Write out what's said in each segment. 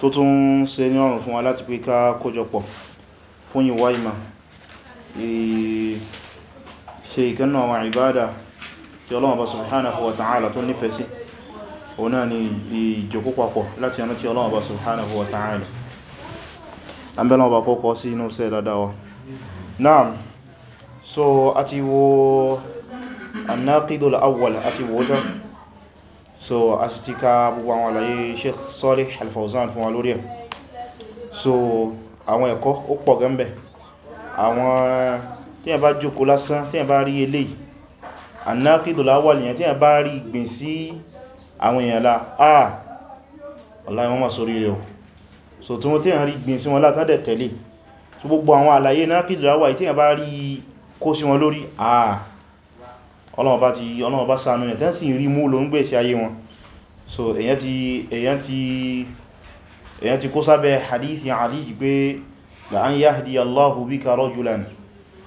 tó tún ṣe ní ọ̀rùn fún wa láti pé ká kójọpọ̀ fún ìwá ìmá ṣe ìkanná àwọn ìbádà tí Ọlọ́hun Ọba subhanahu wa ta'ala tó nífẹ̀ẹ́ sí òun náà ni ìjòkó papọ̀ láti ọ̀nà tí Ọlọ́hun bá kọ́kọ́ sí inú so àti wo an-naqidul awwal àti so a sì ti ka gbogbo àwọn àlàyé Sheikh Salih Al fún wa lórí ẹ̀ so àwọn ẹ̀kọ́ ó pọ̀ gẹ́m̀bẹ̀ àwọn tíyàn bá jókòó lásán tíyàn bá rí eléyìí an-naqidul awwal yẹn tíyàn bá rí gbìn sí àwọn èèyàn la ah wallahi wọ́n ma sórí rẹ̀ so tí wọ́n tíyàn rí gbìn sí wọn látán dẹ̀ tẹ̀lé so gbogbo àwọn àlàyé naqidul awwal yìí tíyàn bá rí kó sí wọn lórí ah ọlọ́wọ́ bá ti ọlọ́wọ́ bá ṣàánú yẹn tẹ́sì rí mú ló ń ayé wọn so èyàn ti èyàn ti èyàn ti kó sábẹ́ hadithi Ali pé la an yahdi Allahu bika rajulan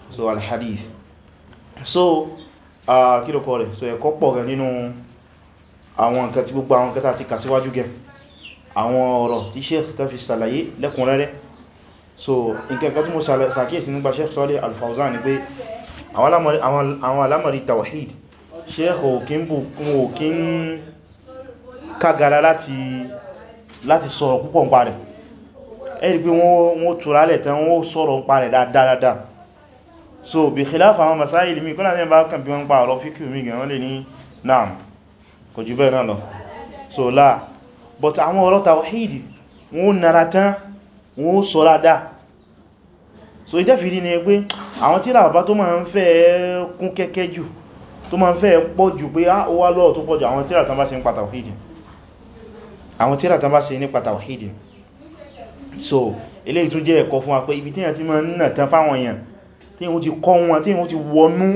so al so a kí ló rẹ̀ so ẹ̀kọ́ pọ̀ rẹ̀ nínú àwọn nǹkan tí gbogbo àwọn nǹkan tí kà síwájú gẹ àwọn ọ̀rọ̀ tí sheikh ta fi ṣàlàyé lẹ́kùnrẹ́rẹ́ so nǹkan kan tí mo ṣàkíyèsí nígbà sheikh Salih Al-Fawzan ni pé àwọn alámọ̀rí tawhid sheikh òkín kún òkín kágara láti láti sọ̀rọ̀ púpọ̀ ń pa rẹ̀ ẹ̀rí pé wọ́n tura lẹ̀ tán wọ́n sọ̀rọ̀ ń pa rẹ̀ dáadáa so bí khilafa àwọn masáìlì mi kọ́nà mẹ́bàá kan bí wọ́n pa ọ̀rọ̀ fíkì mi gan wọ́n lè ní naam kò jù bẹ́ẹ̀ náà lọ so láà but àwọn ọ̀rọ̀ tàwàhídì wọ́n nara tán wọ́n so ìjẹ́fìdí ni pé àwọn tí làbá tó máa ń fẹ́ kún kẹ́kẹ́ jù tó máa ń fẹ́ pọ̀ jù pé ah, ó àwọn tíra tán bá ṣe nípa tàwàhídì so eléyìí tó jẹ́ ẹ̀kọ́ fún wa pé ibi tíyàn ti máa ń nà tán fáwọn èèyàn tí wọ́n ti kọ́ wọn tí wọ́n ti wọnú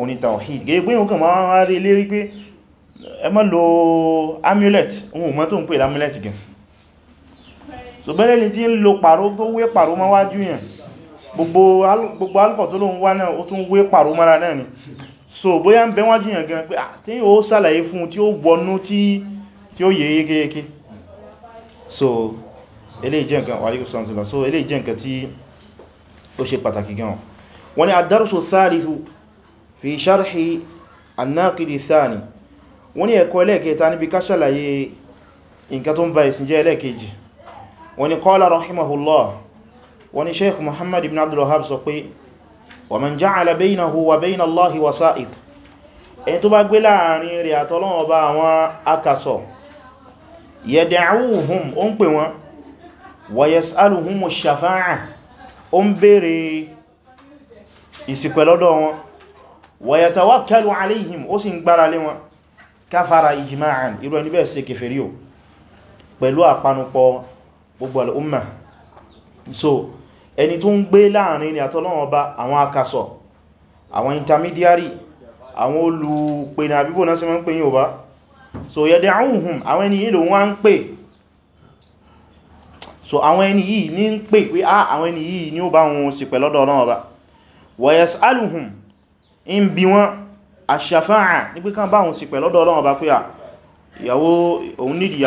òní tàwàhídì gẹ́gẹ́ pé wọ́n kàn máa rí lérí pé ẹ má lo amulet ohun mọ́ tó ń pè amulet gan so bẹ́rẹ̀ ni tí ń lo pàró tó wé pàró mọ́ wájú yẹn gbogbo alkọ̀ tó lóun wá náà ó tún wé pàró mọ́ra náà ni so bóyá ń bẹ wájú yẹn gan pé àtíyàn ah, ó sàlàyé fún tí ó wọnú tí tí ó yẹ yékéyéké so eléyìí jẹ́ nǹkan wà nígbàtí sọ́nsílá so eléyìí jẹ́ nǹkan tí ó ṣe pàtàkì gan wọ́n ni ad-darsu thalithu fi sharhi an-naqidi thani wọ́n ni ẹ̀kọ́ ẹlẹ́ẹ̀kẹta níbi ká ṣàlàyé nǹkan tó ń ba ìsìn jẹ́ ẹlẹ́ẹ̀kejì wọ́n ni qala rahimahullah wọ́n ni sheikh muhammad ibn abdul wahab sọ pé wa man ja'ala baynahu yẹ̀dẹ̀áwùhùn ó ń pè wọn wàyẹ̀sálùhùn ṣàfáà ó ń bèèrè ìsìpẹ̀ lọ́dọ̀ wọn wàyẹ̀tawakkalu alayhim ó sì ń gbára lé wọn káfàrà ijma'an irú ẹni bẹ́ẹ̀ ṣe kèfèrí o pẹ̀lú àpanupọ̀ gbogbo al'umma so ẹni tó ń gbé láàrin ni àtọ́lọ́wọ́ bá àwọn intermediary àwọn olùpẹ̀nà àbíbò náà sí mọ́ so yad'uhum àwọn ẹni yìí ló wọ́n ń pè so àwọn ẹni yìí ní ń pè pé á ah, àwọn ẹni yìí ni ó bá wọn sì pẹ̀ lọ́dọ̀ Ọlọ́run Ọba wa yas'aluhum in bi wọn ash ní pé kán bá wọn sì pẹ̀ ah, lọ́dọ̀ Ọlọ́run Ọba pé à ìyàwó òun nídìí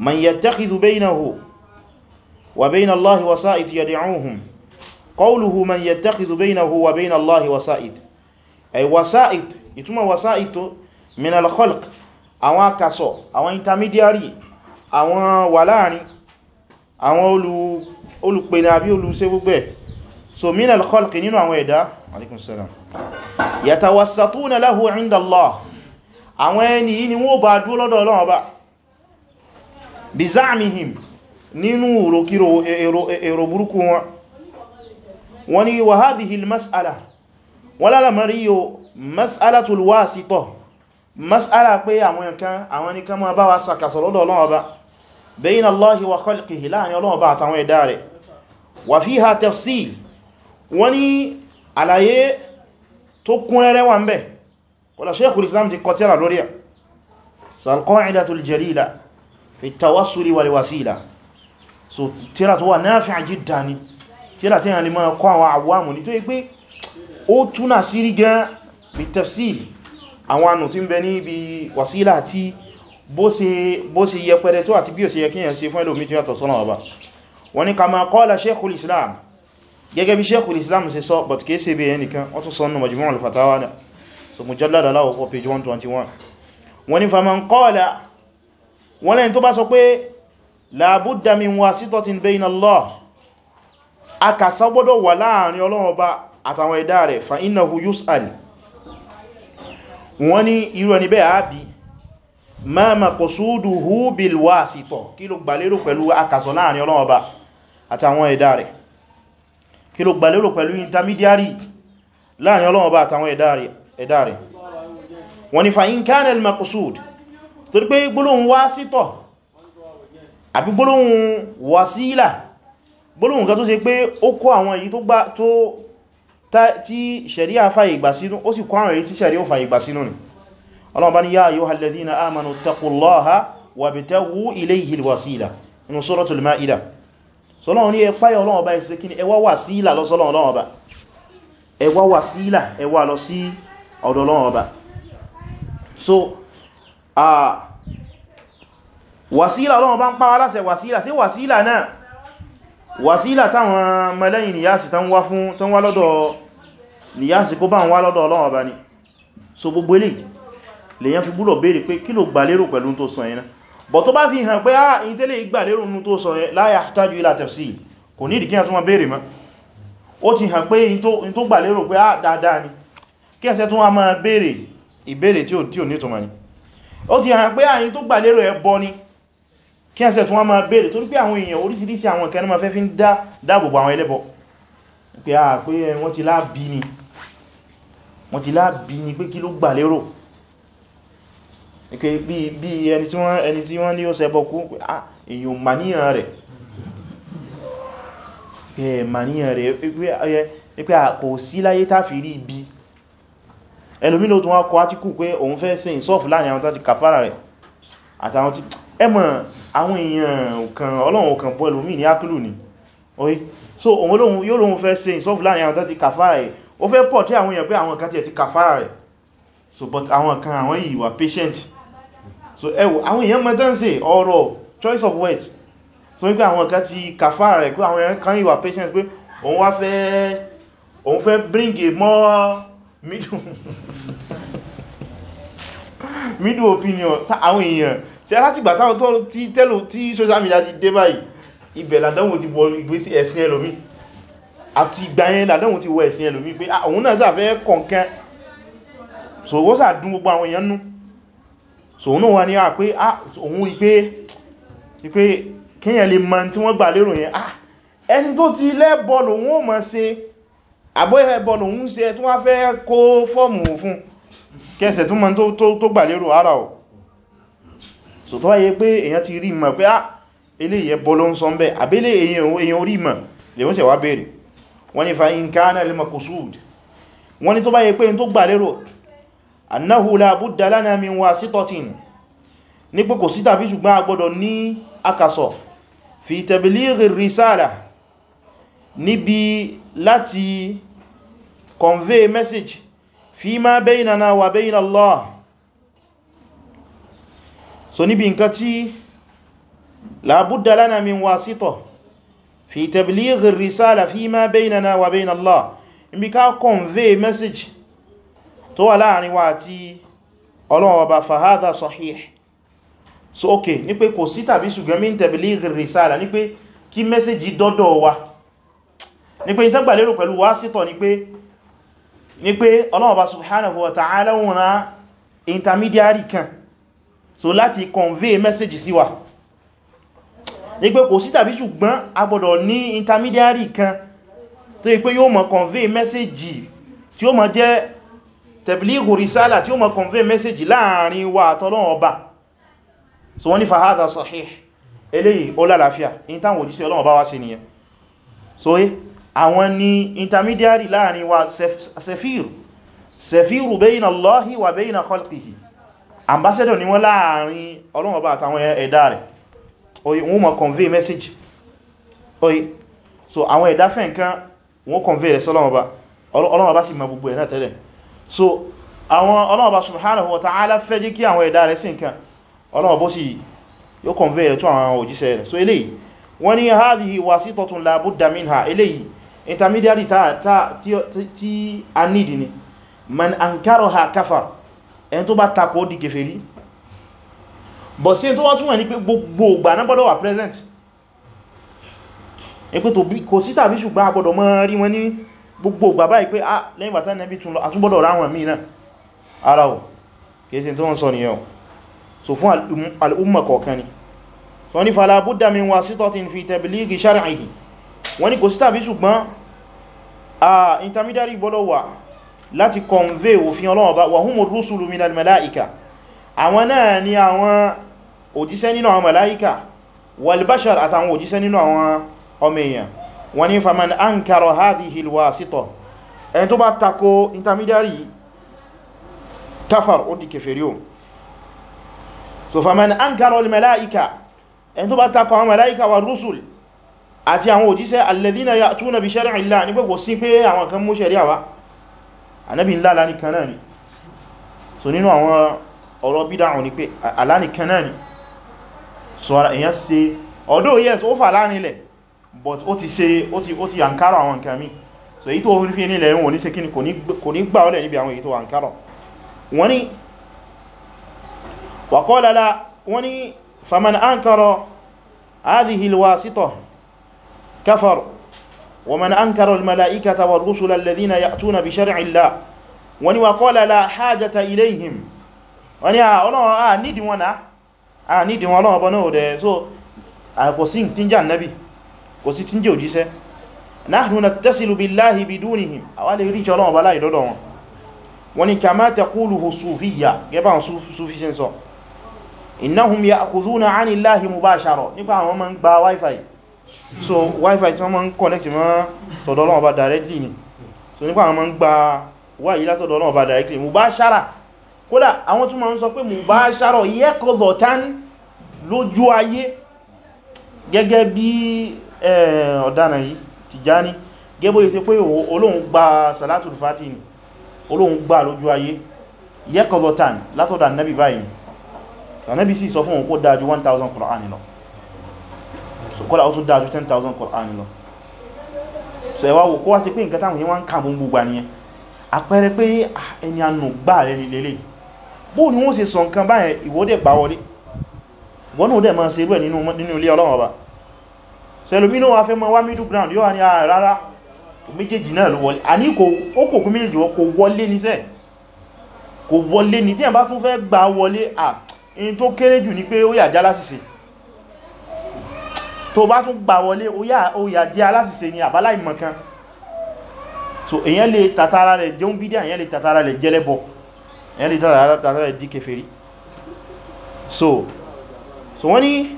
من يتخذ بينه وبين الله وسائد يدعوهم قوله من يتخذ بينه وبين الله وسائد أي وسائد يتم وسائد من الخلق àwọn akasọ̀ àwọn intermediary àwọn wà láàrin àwọn olùpẹ̀lú àbí olùsẹ́ gbogbo ẹ̀ so min al-khalq nínú àwọn ẹ̀dá alaikum salam yatawassatuna lahu inda Allah àwọn ẹni yìí ni wọ́n bá dúró lọ́dọ̀ Ọlọ́run Ọba bí záàmìhìm nínú òròkírò èrò burúkú wọn wọ́n ni wà hadhihi al-mas'ala wọ́n lálàmàrí yóò mas'alatul wasitah mas'ala pé àwọn nǹkan àwọn nìkan ma bá wa sàkàsọ̀ lọ́dọ̀ Ọlọ́run Ọba bayna Allahi wa khalqihi láàrin Ọlọ́run Ọba àtàwọn ẹ̀dá rẹ̀ wa fiha tafsil wọ́n ni àlàyé tó kún rẹ́rẹ́ wà ń bẹ̀ wọ́n la Islam ti kọ lórí ẹ̀ so al-qa'idatul jalila fi tawassuli wal wasila so tíra tó wà nafi' jiddan ni tíra tí yàn lè máa kọ́ àwọn àwọ́mù ní tó yí pé ó túnà sírí gan bí tafsili àwọn ànù tí ń bẹ ní ibi wasila àti bó ṣe yẹ pẹ̀rẹ tó àti bí ó ṣe yẹ kí yàn ṣe fún ẹlòmí tó yàtọ̀ sọ́nà ọba wọ́n ní kama qala sheikhul islam gẹ́gẹ́ bí sheikhul islam ṣe sọ but kìí ṣe bí ẹnìkan wọ́n tún sọ́nà majmu'ul fatawa so mujallada láwọ̀ 4 page 121 wọ́n ní faman qala wọ́n lẹ́ni tó bá sọ pé làbúdà min wasitatin bayna Allah akàsá gbọ́dọ̀ wà láàrin Ọlọ́run Ọba àtàwọn ẹ̀dá rẹ̀ fa innahu yus'al wọ́n ní irú ẹni bẹ́ẹ̀ àbí ma maqsuduhu bil wasita kí ló gbàlérò pẹ̀lú akàsọ láàrin Ọlọ́run Ọba àtàwọn ẹ̀dá rẹ̀ kí ló gbàlérò pẹ̀lú intermediary láàrin Ọlọ́run Ọba àtàwọn ẹ̀dá rẹ̀ torí pé gbólóhùn wá sítọ̀ àbí gbólóhùn wàsílà gbólóhùn kan tó ṣe pé ó kó àwọn èyí tó gbá tó tí ṣẹ̀rí àfàyè ìgbà sínú ó sì kó àwọn èyí tí ṣẹ̀rí ò fàyè ìgbà sínú ni ọlọ́run bá ní yá ayyuha alladhina amanu taqullaha wabtaghu ilayhi alwasila so wàsílà ọlọ́run bá ń pàwà láṣẹ wàsílà sí wàsílà náà wàsílà táwọn mẹ́lẹ́yìn níyàsì tán wá fún tán wá lọ́dọ̀ níyàsì kó bá ń wá lọ́dọ̀ ọlọ́run bá ní so gbogbo ilé lèyàn fi búrọ̀ béèrè pé kí ló gbà lérò pẹ̀lú tó sọ yẹn bọ̀ tó bá fi hàn pé ah in tẹ́lẹ̀ ìgbà lérò nú tó sọ yẹn la yahtaju ila tafsil kò ní ìdíkíyàn tó ma béèrè mọ́ ó ti hàn pé in tó gbà lérò pé ah dáadáa ni kí ẹsẹ́ ní ó ti hàn pé àyín tó gbà lérò ẹbọ ni kí ẹsẹ̀ tí wọ́n máa béèrè torí pé àwọn èèyàn oríṣiríṣi àwọn ìkẹni ma fẹ́ fi ń dáàbòbò àwọn ẹlẹ́bọ pé a pé wọ́n ti láàbí ni wọ́n ti láàbí ni pé kí ló gbà lérò bí ẹni tí wọ́n ní ó ṣẹbọ kú èèyàn màníyàn rẹ̀ pé màníyàn rẹ̀ pé kò sí láyé táfìrí ibi ẹlòmínà tó wá kọ átíkù pé òun fẹ́ sí ìsọ́fù láàrin àwọn tàbí kàfàrà rẹ̀ àtàwọn tí ẹmọ̀ àwọn èèyàn kan ọlọ́run kan bọ́ ẹlòmí ní ákìlù ni oye so òun yóò lóun fẹ́ sí ìsọ́fù láàrin àwọn tàbí kàfàrà rẹ̀ ó fẹ́ pọ̀ tí àwọn èèyàn pé àwọn kan ti kàfàrà rẹ̀ so but àwọn kan àwọn yìí wà patient so ẹwọ àwọn èèyàn mọ́ dánsẹ̀ ọ̀rọ̀ choice of words so wípé àwọn kan ti kàfàrà rẹ̀ pé àwọn kan yìí wà patient pé òun wá fẹ́ òun fẹ́ bring middle opinion àwọn èèyàn tí aláti gbà táwọn tó tí tẹ́lò tí social media ti dé báyìí ibẹ̀ làdánwò ti wọ ìgbésí ẹ̀sìn ẹlòmí àti ìgbàyẹn làdánwò ti wọ ẹ̀sìn ẹlòmí pé òun náà sàfẹ́ kọ̀ǹkan so wọ́n sà dún gbogbo àwọn èèyàn nú so òun náà wà ní à pé òun ìpé kíyàn lè mọ̀ tí wọ́n gbà lérò yẹn ẹni tó ti lẹ́bọ̀lù òun ò mọ̀ ṣe àbóyẹ̀ bọ́lù ń ṣe tó wá fẹ́ kó fọ́ọ̀mù fún kẹsẹ̀ tó mọ́ tó gbà lérò ara ọ̀ so tó wáyé pé èyàn ti rí mọ̀ pé á ah, eléyẹ bọ́lù ń sọ ń bẹ́ àbílẹ̀ èyàn orí mọ̀ lè wọ́n sẹ̀ wá bèèrè wọ́n ni fa in kana lil maqsud wọ́n ni tó bá yẹ pé in tó gbà lérò annahu la budda lana min wasitatin ní pé kò sí tàbí láti convey a message fima baynana wa bayna Allah so níbi nǹkan tí la budda lana min wasita fi tabligh ar-risala fima baynana wa bayna Allah níbi ká convey a message tó wà láàrin wa àti Ọlọ́run Ọba fa sahih so ok ní pé kò sí tàbí ṣùgbọ́n min tabligh ar-risala ní pé kí mẹ́sẹ̀jì dọ́dọ̀ wa ní pé ìtẹ́gbàlérò pẹ̀lú wásítọ̀ ní pé ní pé Ọlọ́run Ọba subhanahu wa ta'ala wọ́n rán intermediary kan so láti convey message sí wa ní pé kò sí tàbí ṣùgbọ́n a gbọ́dọ̀ ní intermediary kan tó yí pé yóò mọ̀ convey message tí ó mọ̀ jẹ́ tablighu risala tí ó mọ̀ convey message láàrin wa àtọlọ́run Ọba so wọ́n ní fahadha sahih eléyìí ó lálàáfíà in táwọn òjíṣẹ́ Ọlọ́run Ọba wá ṣe nìyẹn so eh? àwọn ni intermediary láàrin wa sefiru sefiru bayna Allahi wa bayna khalqihi ambassador ni wọ́n láàrin Ọlọ́run Ọba àtàwọn ẹ̀dá rẹ̀ oye wọ́n mọ̀ convey message oye so àwọn ẹ̀dá fẹ́ nǹkan wọ́n convey rẹ̀ sọ́lọ́run Ọba Ọlọ́run Ọba sì mọ̀ gbogbo ẹ̀ náà so wa si, convey so intermediary ta ta tí a need ni man ankaraha kafar ẹni tó bá takò di kèfèrí bọ̀ sí tó wọ́n túnmọ̀ ní pé gbogbo ìgbà náà gbọ́dọ̀ wà present ipé tó bí kò sí tàbí ṣùgbọ́n a gbọ́dọ̀ máa rí wọn ní gbogbo ìgbà báyìí pé a ah, lẹ́yìn bàtà nẹ́bí tún lọ àtúgbọ́dọ̀ ráwọn míì náà ara ò kèsí tó wọ́n sọ nìyẹn so fún um, al'umma kọ̀ọ̀kan ni so ní fala budda min wasitatin fi tablighi shar'ihi wọ́n ní kò sí tàbí ṣùgbọ́n a intermediary gbọ́dọ̀ wà láti convey òfin Ọlọ́run Ọba wa humu rusulu minal malaika àwọn náà ni àwọn òjíṣẹ́ nínú àwọn malaika wal bashar àtàwọn òjíṣẹ́ nínú àwọn ọmọ èèyàn wọ́n ní faman ankara hadhihi alwasita ẹni tó bá tako intermediary kafar ó di o so faman ankara almalaika ẹni tó bá tako àwọn malaika wa rusul àti àwọn òjíṣẹ́ alladhina ya'tuna bi shar'i Allah ní gbogbo sí pé àwọn kan mú ṣẹ̀ríà wá anábi ńlá alánikan náà ni so nínú àwọn ọ̀rọ̀ bídáhùn ni pé alánikan náà ni so ara èyàn ṣe although yes ó fà lánilẹ̀ but ó ti ṣe ó ti yankaro àwọn nǹkan mi so èyí tó fi nílẹ̀ wọn ní ṣe kí kò ní gbà ọlẹ̀ níbi àwọn èyí tó yankaro wọ́n ni wàkọ́lala wọ́n ni faman ankara hadhihi alwasitah كفر ومن أنكر الملائكة والرسل الذين يأتون بشرع الله وني وقال لا حاجة إليهم وني أولا آه نيدي وانا آه نيدي وانا بنو ده so kò sí tíjá annabi kò sí tíjá òjíṣẹ́ nahnu nattasilu billahi bidunihim àwa lè rí ṣọ́lọ́wọ́ bá láì lọ́dọ̀ wọn wọ́n ni kama taquluhu sufiyya gẹ́bà sufi ṣe ń sọ innahum ya'khudhuna 'ani llahi mubashara nípa àwọn ma ń gba wifi so wifi tí wọ́n máa ń connect mọ́ tọ̀dọ̀ Ọlọ́run Ọba directly ni so nípa àwọn máa ń gba wà yí látọ̀dọ̀ Ọlọ́run Ọba directly mubashara kódà àwọn tún máa ń sọ pé mubashara yaqzatan tán lójú ayé gẹ́gẹ́ bí eh, ọ̀dánà yìí Tijani gẹ́bọ́ yìí tí pé Ọlọ́hun gba salatul fati ni Ọlọ́hun gba lójú ayé yaqzatan látọ̀dọ̀ annabi báyìí annabi sì sọ fún òun 1000 so kọ́lá ó tún dáa ju 10,000 Qur'an lọ so ẹwà wò kó wá sí pé nǹkan táwọn yíwá ń kà mú gbogbo àníyàn àpẹẹrẹ pé ah, ẹni ànà gbà rẹ̀ lélẹ̀ bó ni wọ́n ṣe sọ nǹkan báyẹn ìwọ́dẹ̀ bá wọlé wọ́n náà dẹ̀ máa ṣe irú ẹ̀ nínú ilé Ọlọ́run ọba so ẹlòmínú wa fẹ́ mọ́ wá middle ground yóò wá ní ara ah, rárá méjèèjì náà ló wọlé àní ó kò kún ah, ní pé ó yà jálásìsì tó bá tún gbà wọlé oyà jẹ́ aláṣìṣe ni àbálá ìmọ̀kan so èyàn lè tàtàrà rẹ̀ jẹun bídíà èyàn lè tàtàrà rẹ̀ jẹ́lẹ́bọ èyàn lè tàtàrà rẹ̀ di kèfèrí so so wọ́n ni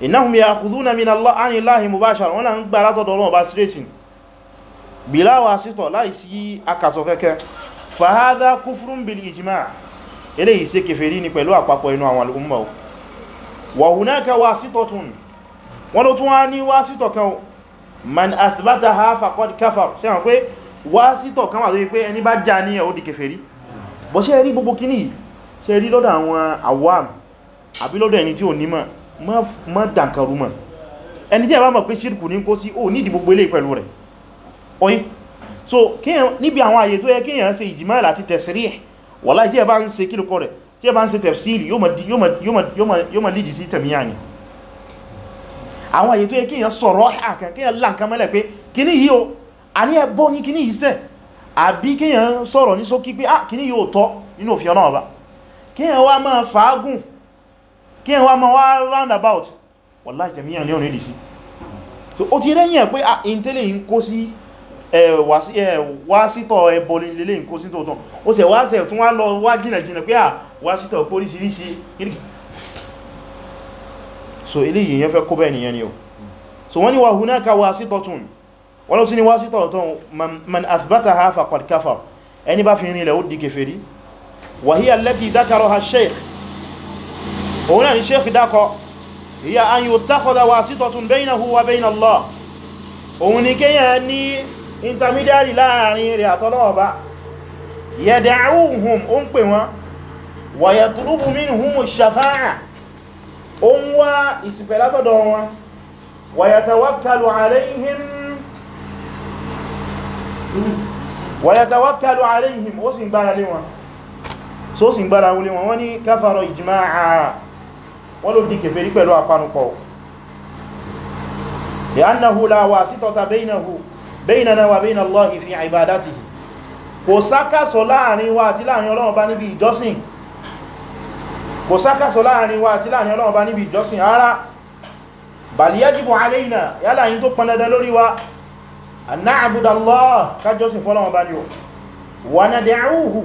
innahum ya'khudhuna min Allahi mubashara wọ́n na ń gbà látọ̀dọ̀ Ọlọ́run bá straightin bila wasita láìsí akasọ kẹ́kẹ́ fa hadha kufrun bil ijma' eléyìí ṣe kèfèrí ni pẹ̀lú àpapọ̀ inú àwọn alùgbùnmọ̀ wa hunaka wasitatun wọ́n ló tún wá ní wásítọ̀ kan man athbataha faqad kafar ṣe hàn pé wásítọ̀ kan wà tó yí pé ẹni bá já ní ó di kèfèrí bọ́ ṣe rí gbogbo kíní ṣe rí lọ́dọ̀ àwọn awam àbí lọ́dọ̀ ẹni tí ò ní mọ́ dànkarú mọ́ ẹni tí ẹ bá mọ̀ pé ṣírkù ní kó sí ó nídi gbogbo ilé pẹ̀lú rẹ̀ oyin so níbi àwọn àyè tó yẹ kíyàn ṣe ìjìmọ́ àti tẹ̀sírí wàláì tí ẹ bá ń ṣe kílùkọ rẹ̀ tí ẹ bá ń ṣe tẹ̀fsìrì yóò mọ̀ lìdí sí tẹ̀míyà ni àwọn àyè tó yẹ kíyàn sọ̀rọ̀ àkàn kíyàn láǹkan mẹ́lẹ̀ pé kíní yìí o a ní ẹbọ́ ní kíní yìí sẹ́ àbí kíyàn sọ̀rọ̀ ní sókí pé ah kíní yìí ò tọ́ nínú òfin ọ̀nà ọba kíyàn wá máa fàágùn kíyàn wá máa wá roundabout wàláhì tẹ̀míyà ni ò ní ìdí sí wásítọ̀ ẹbọ lélé nǹkó sí tòótọ́ ó sẹ̀ wásẹ̀ tún wá lọ wá jìnà jìnà pé à wásítọ̀ póríṣìíríṣìí so ilé yìnyẹn fẹ́ kó bẹ́ẹ̀ nìyẹn ni o so wọ́n ni wà hunaka wásítọ̀ tún wọ́n lọ sí ni wásítọ̀ tún man athbata ha faqad kafar ẹni bá fi rin ilẹ̀ ó di kèfèrí wa hiya allati dhakaraha sheikh òun ni wásítọ̀ tún òun ni kéyàn ní intermediary láàrin rẹ̀ àtọ́lọ́ọ̀bá yẹ̀dẹ̀ẹ́hùn ó ń pè wọ́n wàyàtùrúbù mínúhùn ṣàfáà ó ń wá ìsìpẹ̀látọ̀dọ̀ wọn wàyàtàwákàlù alayhim wàyàtàwákàlù alayhim ó sì ń gbára lé wọn so sì ń gbára wulé wọn wọ́n ní káfàrọ̀ ìjìmáà wọ́n ló di kèfèrí pẹ̀lú àpanupọ̀ baynana wa bayna Allahi fi ibadatihi kò sákàsọ láàrin wa àti láàrin Ọlọ́run bá níbi ìjọsìn kò sákàsọ láàrin wa àti láàrin Ọlọ́run bá níbi ìjọsìn ara bal yajibu alayna yálà yí tó pọn dandan lórí wa an na'buda Allah kájọsìn fọ́lọ́run bá ní o wa nad'uhu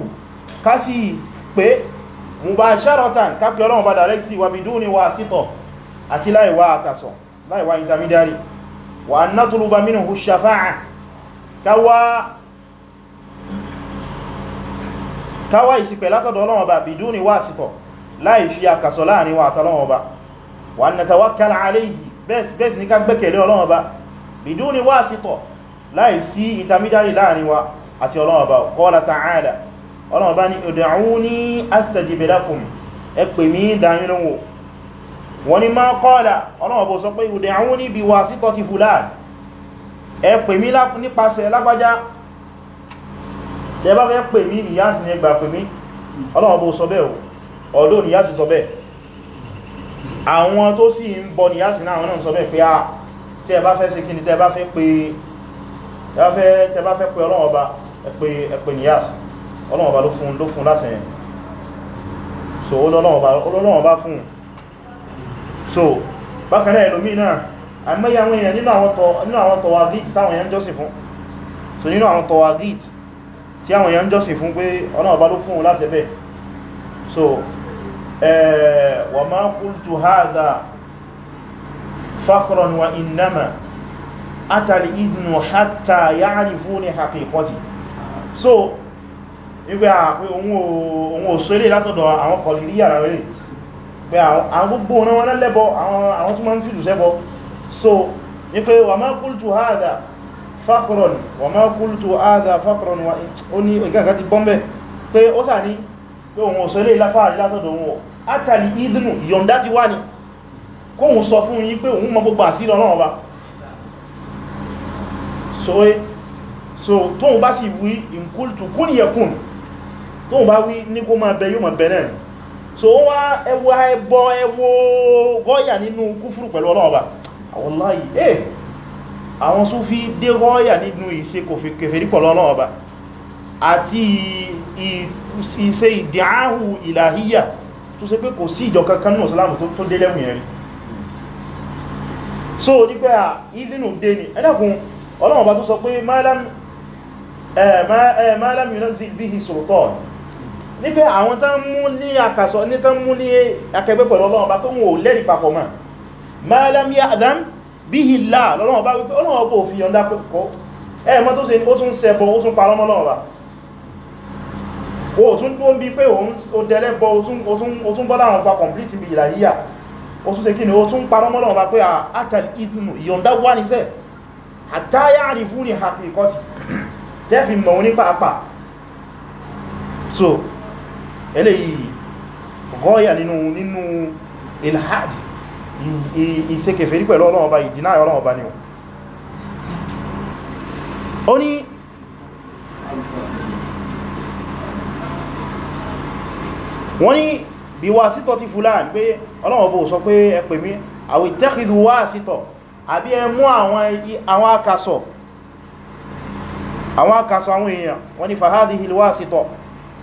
ká sì pé mubasharatan bá intermediary wa an natluba minhu ash-shafa'a káwá káwá ìsìpẹ̀ látọ̀dọ̀ Ọlọ́run Ọba biduni wasito láì fi àkàsọ̀ láàrin wa àtọlọ́run Ọba wa an natawakkal alayhi bẹ́ẹ̀ ni ká gbẹ́kẹ̀lé Ọlọ́run Ọba biduni wasito láì sí intermediary láàrin wa ní ud'uni astajib lakum ẹ wọ́n ni máa kọ́ọ̀lá ọlọ́wọ́ bó sọ pé ìhùdẹ̀ àwọn níbi wà sítọ́ ti fúláàd ẹ pè mí nípasẹ̀ lágbájá tẹ́bá fẹ́ pè mí níyàsì ní ẹgbà pè mí ọlọ́wọ́ bó sọ bẹ́ẹ̀ ọ̀dọ́ níyàsì sọ bẹ́ẹ̀ àwọn tó sì ń bọ níyàsì náà náà sọ bẹ́ẹ̀ pé a tẹ́bá fẹ́ ṣe kíni tẹ́bá fẹ́ pé ọlọ́wọ́ bá ẹ̀pẹ̀ níyàsì ọlọ́wọ́ bá so bákanáà ẹlòmí náà àmẹ́yà àwọn èèyàn nínú àwọn tọwagit táwọn èèyàn jọ́sìn fún so nínú àwọn tọwagit tí àwọn èèyàn jọ́sìn fún pé ọ̀nà ọba ló fún un láti ẹbẹ̀ so wa ma qultu hadha fakhran wa innama atàlì ìdùnnù hatta ya'rifuni haqiqati so nígbà pé òun ò sólè látọ̀dọ̀ àwọn kọlìrí yàrá rẹ̀ pé àwọn gbogbo ọ̀nà wọn lẹ́bọ àwọn tó máa ń fìlù sẹ́bọ so ní pé wà máa qultu hadha faqran wà máa qultu hadha faqran wà ní ìgbàgbà ti bọ́m̀bẹ̀ pé ó sà ní pé òun ò sọlé láfààrí látọ̀dọ̀ òun átàlì ìdínú yọ̀ndá ti wá ní kóhun sọ fún yín pé òun mọ gbogbo àsírí ọ̀nà ọba eh, so tóhun bá sì wí in qultu kun yakun tóhun bá wí ní kó máa bẹ yóò máa bẹ náà so wọ́n wá ẹwọ ẹbọ ẹwọ gọ́yà nínú kúfùrù pẹ̀lú ọlọ́ọ̀bà wallahi eh àwọn Sufi dé gọ́yà nínú ìṣe kèfèrí pẹ̀lú ọlọ́ọ̀bà àti ìṣe ìdíáhù ìlàhíyà tó ṣe pé kò sí ìjọ kankan nínú Islam tó dé lẹ́mù yẹn rí so ní pé à ìdínú dé ni ẹ̀dàkùn ọlọ́ọ̀bà tó sọ pé ma eh, eh, lam yunazzil bihi sultan níbẹ̀ àwọn tán mú ní àkàsọ̀ ní tán mú ní akẹgbẹ́ pẹ̀lú ọlọ́run bá tó wọn ò lẹ́rì papọ̀ mọ́ ma lam ya'dhan bihi Allah lọ́lọ́run bá wípé ọlọ́run kò fi yọ̀ndá pẹ̀kọ́ ẹ mọ́ tó ṣe ó tún ṣẹbọ ó tún parọ́ mọ́ ni ó tún parọ́ mọ́ Ọlọ́run bá pé àtàlì ìdùnnù ìyọ̀ndá wà níṣẹ́ so eléyìí gọ́ọ̀yà nínú nínú ilhad ìsekèfèrí pẹ̀lú ọlọ́run ọba ìdínáyà ọlọ́run ọba ni o ó ní wọ́n ní bí wá sítọ̀ ti fúlàn pé ọlọ́run ọba ò sọ pé ẹ pè mí àwẹ̀ tẹ́kìdù wá sítọ̀ àbí ẹ mú àwọn akasọ̀ àwọn akasọ̀ àwọn èèyàn wọ́n ní fahadihil wá sítọ̀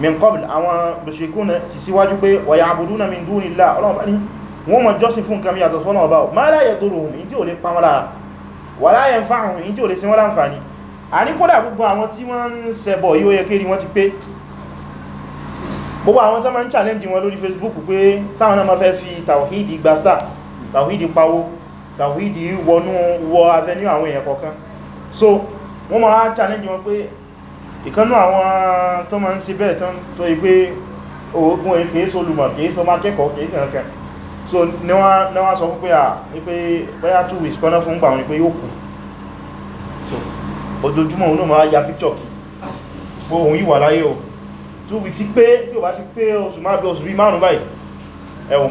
min qabl àwọn mushrikuna ti síwájú pé wa ya'buduna min dunillah ọlọ́run bá ní wọ́n mọ̀ jọ́sìn fún kàmí yàtọ̀ fọ́nà ọba ma la yaduruhum in tí ò lè pa wọ́n lára wa la yanfa'uhum in tí ò lè sí wọ́n láǹfàní a ní kódà gbogbo àwọn tí wọ́n ń ṣẹbọ yíó yẹ kéèrè wọ́n ti pé gbogbo àwọn tó máa ń challenge wọn lórí Facebook pé táwọn náà ma fẹ́ fi tàwíìdì gba star tàwíìdì pawó tàwíìdì wọnú wọ avenue àwọn èèyàn kọ̀ọ̀kan so wọ́n máa challenge wọn pé ìkanú àwọn tó ma ń ṣe bẹ́ẹ̀ tán tó yí ogun èyí kìí kìí sọ má kẹ́kọ̀ọ́ kìí sí ẹ̀kẹ́ so ní wọ́n sọ pé à wípé bóyá two weeks fún gbà wọn yóò kù so ojoojúmọ́ òun náà ya picture kì pé òun yìí láyé o two weeks pé bí o bá fi pé oṣù máa bí oṣù bí márùn báyìí ẹwùn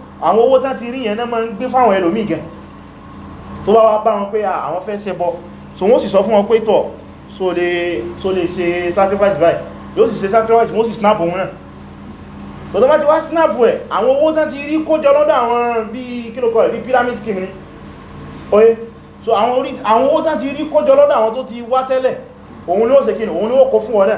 àwọn owó tán ti rí yẹn náà máa ń gbé fáwọn ẹlòmíì gan tó bá wá bá wọn pé àwọn fẹ́ ṣẹbọ so wọ́n sì sọ fún wọn pé tọ̀ so lè ṣe sacrifice báyìí yóò sì ṣe sacrifice wọ́n sì snap òun náà tó tó bá ti wá snap ẹ̀ àwọn owó tán ti rí kójọ lọ́dọ̀ àwọn bí kílòkọ̀ bí pyramid scheme ni oye so àwọn owó tán ti rí kójọ lọ́dọ̀ àwọn tó ti wá tẹ́lẹ̀ òun ló ṣe kí ni òun ló kó fún wọn náà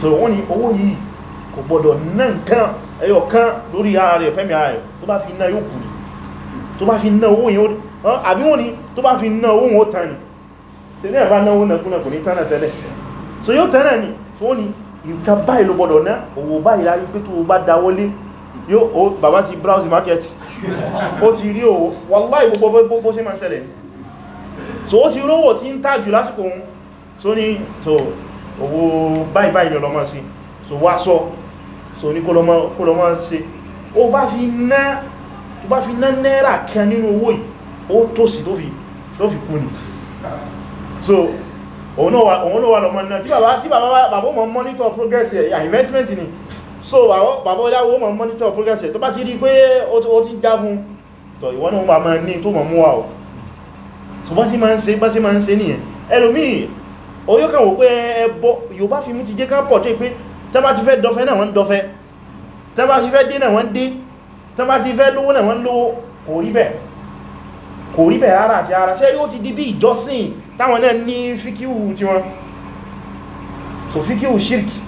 so wọ́n ni owó yìí kò gbọdọ̀ ná nǹkan ẹyọ kan lórí ara rẹ̀ fẹ́mi ara rẹ̀ tó bá fi ná yóò kùrì tó bá fi ná owó yìí àbí wọ́n ni tó bá fi ná owó wọn tán ni tẹ́lẹ̀ bá náwó nàkúnà kò ní tánà tẹ́lẹ̀ so yóò tẹ́lẹ̀ ni wọ́n ni nǹkan báyìí ló gbọdọ̀ ná owó báyìí láyé pé tó bá dáwọ́lé yóò bàbá ti browse market ó ti rí owó wallahi gbogbo bó ṣe máa ṣẹlẹ̀ so ó ti rówó tí ń tàjù lásìkò ohun so ni so owó báyìí báyìí lọ́mọ́ sí so wá sọ so ní kó lọ́mọ́ sí ó bá fi ná tó bá fi ná náírà kan nínú owó yìí ó tòsí tó fi kú ni so òun náà wà lọ́mọ́ náà tí bàbá mọ́ monitor progress ẹ̀ investment ni so bàbá oláwó mọ́ monitor progress ẹ̀ tó bá ti rí pé ó ti já fún tọ̀ ìwọ́n náà wà máa ní tó mọ̀ mú wà ọ̀ so bá sí máa ń ṣe nìyẹn ẹlòmíì oyó kan wò pé ẹbọ Yorùbá fi mú ti jẹ́ ká pọ̀ tó pé tẹ́ bá ti fẹ́ dọfẹ́ náà wọ́n dọfẹ́ tẹ́ bá ti fẹ́ dé náà wọ́n dé tẹ́ bá ti fẹ́ lówó náà wọ́n lówó kò rí bẹ̀ kò rí bẹ̀ ara àti ara ṣẹ́rí ó ti di bí ìjọsìn táwọn náà ní fíkíwù tiwọn so fíkíwù ṣírkì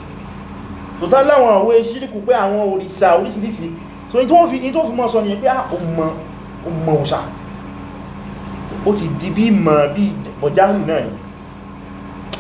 tó tá láwọn òwe ṣírkù pé àwọn òrìṣà oríṣiríṣi so in tó fi mọ́ sọ ni pé ah o mọ̀ òṣà ó ti di bí mọ̀ bí ọjá náà ni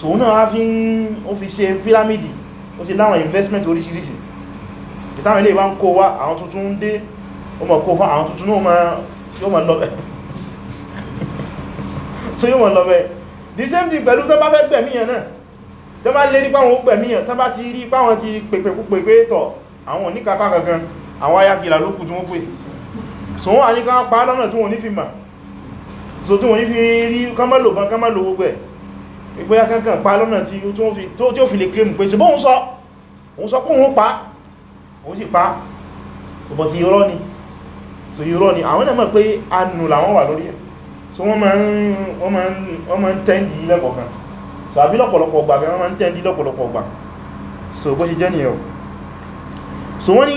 so òun náà fi ń ó fi ṣe pírámìdì ó ti láwọn investment oríṣiríṣi ìtàwọn ilé ìwá ń kó wá àwọn tuntun dé ó mọ̀ kó fún àwọn tuntun náà yóò mọ̀ lọ́bẹ̀ so yóò mọ̀ lọ́bẹ̀ the same thing pẹ̀lú tó bá fẹ́ gbẹ̀míyàn náà tó bá lè rí páwọn gbẹ̀míyàn tó bá ti rí páwọn ti pèpè púpè pé tọ̀ àwọn oníkàpá kankan àwọn ayákìlá lókù tí wọ́n pè so wọ́n àníkà pa lọ́nà tí wọ́n ní fi mà so tí wọ́n ní fi rí kọ́mọ́lò ìgbóyá kankan pa lọ́nà tí ó fi lè claim pé ṣùgbọ́n òun sọ òun sọ pé òun pa òun sì pa ọ̀bọ̀ sí irọ́ ni so irọ́ ni àwọn ẹ̀mọ̀ pé anù làwọn wà lórí ẹ̀ so wọ́n máa ń tẹ́ndì lẹ́kọ̀ọ̀kan so àbí lọ́pọ̀lọpọ̀ ọgbà wọ́n máa ń tẹ́ndì lọ́pọ̀lọpọ̀ ọgbà so bó ṣe jẹ́ nìyẹn so wọ́n ni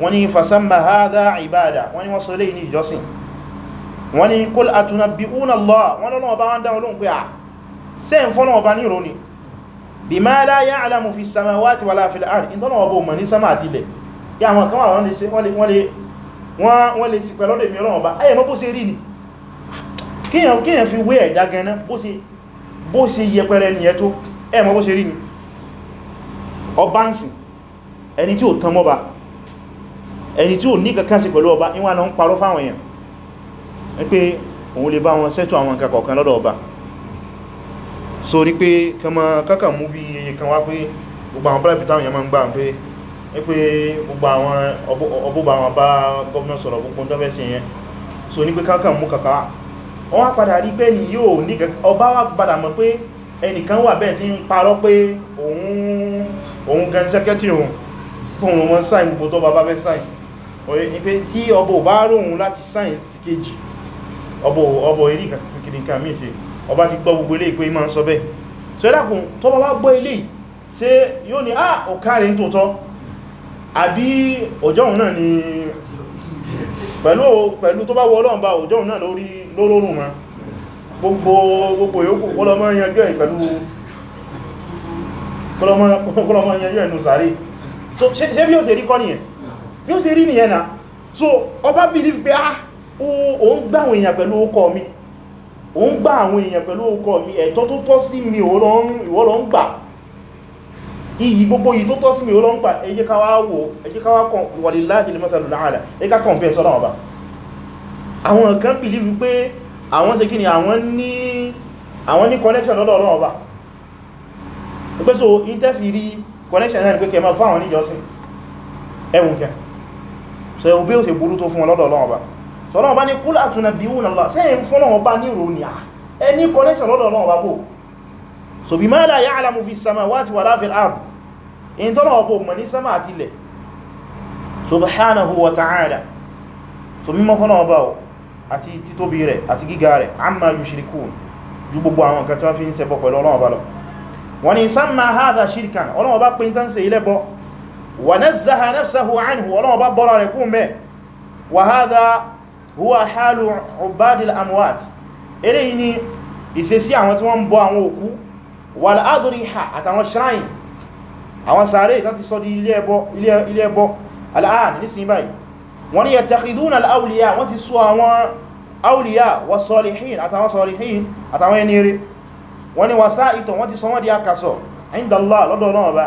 wọ́n ní fasamma hadha ibada wọ́n ní wọ́n sọ eléyìí ní ìjọsìn wọ́n ní qul atunabbi'una Allah wọ́n lọ́nà ọba wọ́n dáwọn lóhun pé à ah, sẹ́ ń fọ́nà ọba ní ìròní bima la ya'lamu fi samawati wala fil ard in tọ́nà ọba òmà ní sama àti ilẹ̀ ya àwọn kan wọ́n lè ti pẹ̀lọ́ ẹni tí ò tán mọ́ba ẹni tí ò ní kankan sí pẹ̀lú ọba ìwọ̀n lọ ń parọ́ fáwọn èèyàn wípé òun lè bá wọn sẹ́tù àwọn nǹkan kọ̀ọ̀kan lọ́dọ̀ ọba so rí pé kama kákà mú bí iye kan wá pé gbogbo àwọn private town yẹn máa ń gbà pé wípé gbogbo àwọn ọbúbà àwọn bá gọ́ọ̀nà sọ̀rọ̀ gbogbo tó fẹ́ sí yẹn so ní pé kákà mú kàkà wọ́n wá padà rí pé ní yóò ní ọba wá padà mọ̀ pé ẹnìkan wà bẹ́ẹ̀ tí ń parọ́ pé òun gan sẹ́kẹ́tì òun kóhun wọn oye ni pé tí ọbọ̀ ò bá róhun láti sáyẹn sí kejì ọbọ̀ eré kìrìkà míì sí ọba ti gbọ́ gbogbo eléyìí pé ma ń sọ bẹ́ẹ̀ so ẹ́dàkùn tó bá wá gbọ́ eléyìí ṣé yóò ní ah ọ̀kárin tó tọ́ àbí ọjọ́un náà ni pẹ̀lú tó bá wọ ọlọ́run bá ọjọ́un náà lórí lórórùn ma gbogbo gbogbo yòókù kọlọmọ yanjú ẹ̀ pẹ̀lú kọlọmọ yanjú ẹ̀ nù sàárè so ṣe bí ó ṣe rí kọ́ nìyẹn bí ó ṣe rí nìyẹn náà so ọba believe pé ah o ń gbá àwọn èèyàn pẹ̀lú ọkọ̀ mi o ń gbá àwọn èèyàn pẹ̀lú ọkọ̀ mi ẹ̀tọ́ tó tọ́ sí mi ìwọ lọ ń gbà iyì gbogbo yìí tó tọ́ sí mi ìwọ lọ ń gbà ẹ jẹ́ ká wá wò ẹ jẹ́ ká wá kàn walillahi al-mathalul a'la ẹ ká kàn fẹ́ sọ́dọ̀ ọba àwọn kan believe pé àwọn ṣe kíni àwọn ní àwọn ní connection lọ́dọ̀ ọlọ́run ọba pẹ́ so interfere connection náà ni pé kẹ máa fún àwọn níjọsìn ẹwùn kẹ́ so ẹ̀wọ̀n bí ó ṣe burú tó fún ọlọ́dọ̀ ọlọ́run ọba so ọlọ́run ọba ní kúlà àtúnà bí wùn Allah sẹ́yìn fún ọlọ́run ọba ní ìròyìn ẹni connection lọ́dọ̀ ọlọ́run ọba bò so bí máa láyá alamu fi sama wá ti wà láfil arm in tọ́lọ̀ ọba mọ̀ ní sama àti ilẹ̀ subhanahu wa ta'ala so mímọ́ fọ́nà ọba ọ̀ àti títóbi rẹ̀ àti gíga rẹ̀ amma ونزه نفسه عنه ولو ببرا يكون به وهذا هو حال عباد الأموات إليه ni ìṣesí àwọn tí wọ́n ń bọ àwọn òkú wal adriha àtàwọn shrine àwọn sàárè tán ti sọ di ilé ẹbọ al'an nísìn báyìí wọ́n ni yattakhiduna al-awliya wọ́n ti sọ àwọn awliya wa salihin àtàwọn salihin àtàwọn ẹni rere wọ́n ni wasaito wọ́n ti sọ wọ́n di akasọ̀ inda Allah lọ́dọ̀ náà bá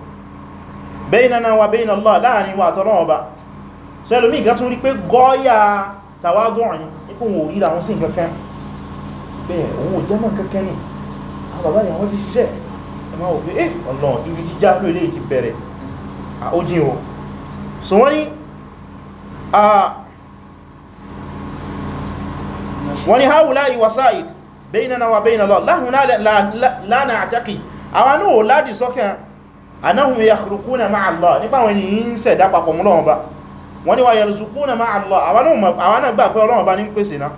baynana wa bayna Allah láàrin wa àtọ́lọ́ ọba so ẹlòmí ìgá tún rí pé gọ́ọ̀yà tàwádùn ní ipò wọn òríra wọn sí nǹkankan bẹ́ẹ̀ owó jẹ́mọ̀ kankan ní àbàbá ìyàwó ti ṣiṣẹ́ ẹmọ́ òfin eh ọ̀nà ibi jíjá ló ilé ti bẹ̀rẹ̀ àójín o so wọ́n ni a anahum yakhluquna ma'a Allah nípa àwọn ènìyàn ń ṣẹ̀dá papọ̀ mọ́ Ọlọ́run Ọba wọ́n ní wa yarzuquna ma'a Allah àwọn náà gbà pé Ọlọ́run Ọba ní ń pèsè náà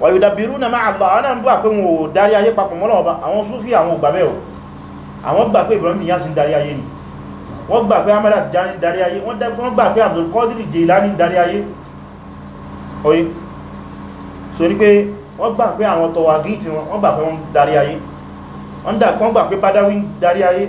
wa yudabbiruna ma'a Allah àwọn náà gbà pé wọn ò darí ayé papọ̀ mọ́ Ọlọ́run Ọba àwọn Sufi àwọn ò gbà bẹ́ẹ̀ o àwọn gbà pé Ibrahim Niyas ń darí ayé ni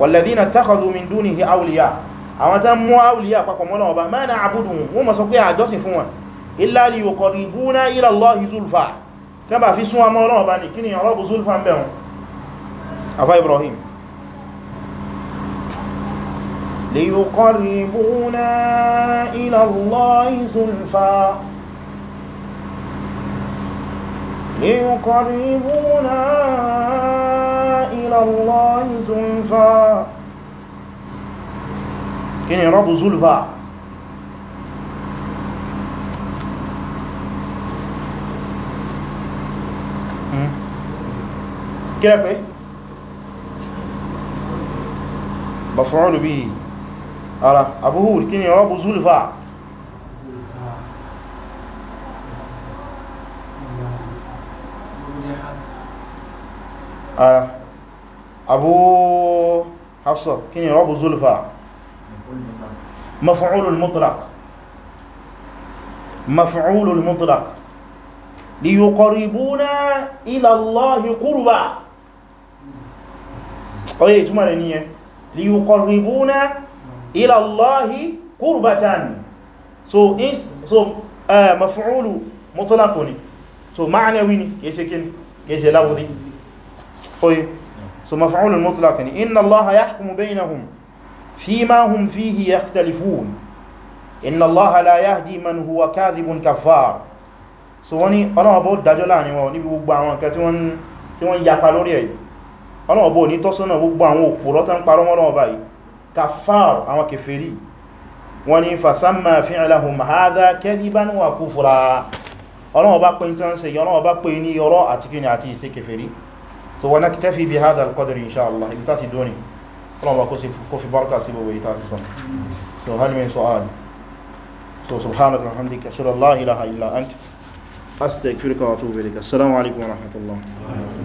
walladhina takhadhu min dunihi awliya àwọn tán mú awliya papọ̀ mọ́ Ọlọ́run Ọba ma na'buduhum wọ́n mọ̀ sọ pé àjọsìn fún wọn illa liyuqarribuna ila Allahi zulfa tán bá fi súnwọ́ mọ́ Ọlọ́run Ọba ní kí ni إلى الله زلفا كني رب زلفا كلا بي مفعول به على أبوه كني رب زلفى أرى abu hafsa kí ni rọ́bù zulfa mafi'ulul mutlaq mafi'ulul mutlaq li yuqarribuna ila Allahi qurba oye ìtumọ̀ rẹ̀ níyẹn li yuqarribuna ila Allahi qurbatan so is so uh, eh, mafi'ulu mutlaq ni so ma'nawi ni kese kini kese lawudi oye so maf'ulun mutlaq ni inna allaha yahkumu baynahum fima hum fihi yakhtalifun inna allaha la yahdi man huwa kadhibun kaffar so woni Ọlọ́run bo dájọ́ láàrin wọn ní gbogbo àwọn kan tí wọ́n tí wọ́n yapa lórí èyí Ọlọ́run bo ni tọ́sọ́nà gbogbo àwọn òpùrọ́ tán parọ́ mọ́ Ọlọ́run báyìí kaffar àwọn kèfèrí woni fasamma fi'lahum hadha kadiban wa kufra Ọlọ́run bá pè tán ṣe Ọlọ́run bá pè ní ọ̀rọ̀ àti kíni àti iṣẹ́ so ونكتفي بهذا القدر إن شاء الله إبتاتي دوني رمى كوفي بركة سيبو ويتاتي صنع so هل من سؤال so سبحانك وحمدك أشهد الله إله إلا أنت أستغفرك وأتوب إليك السلام عليكم ورحمة الله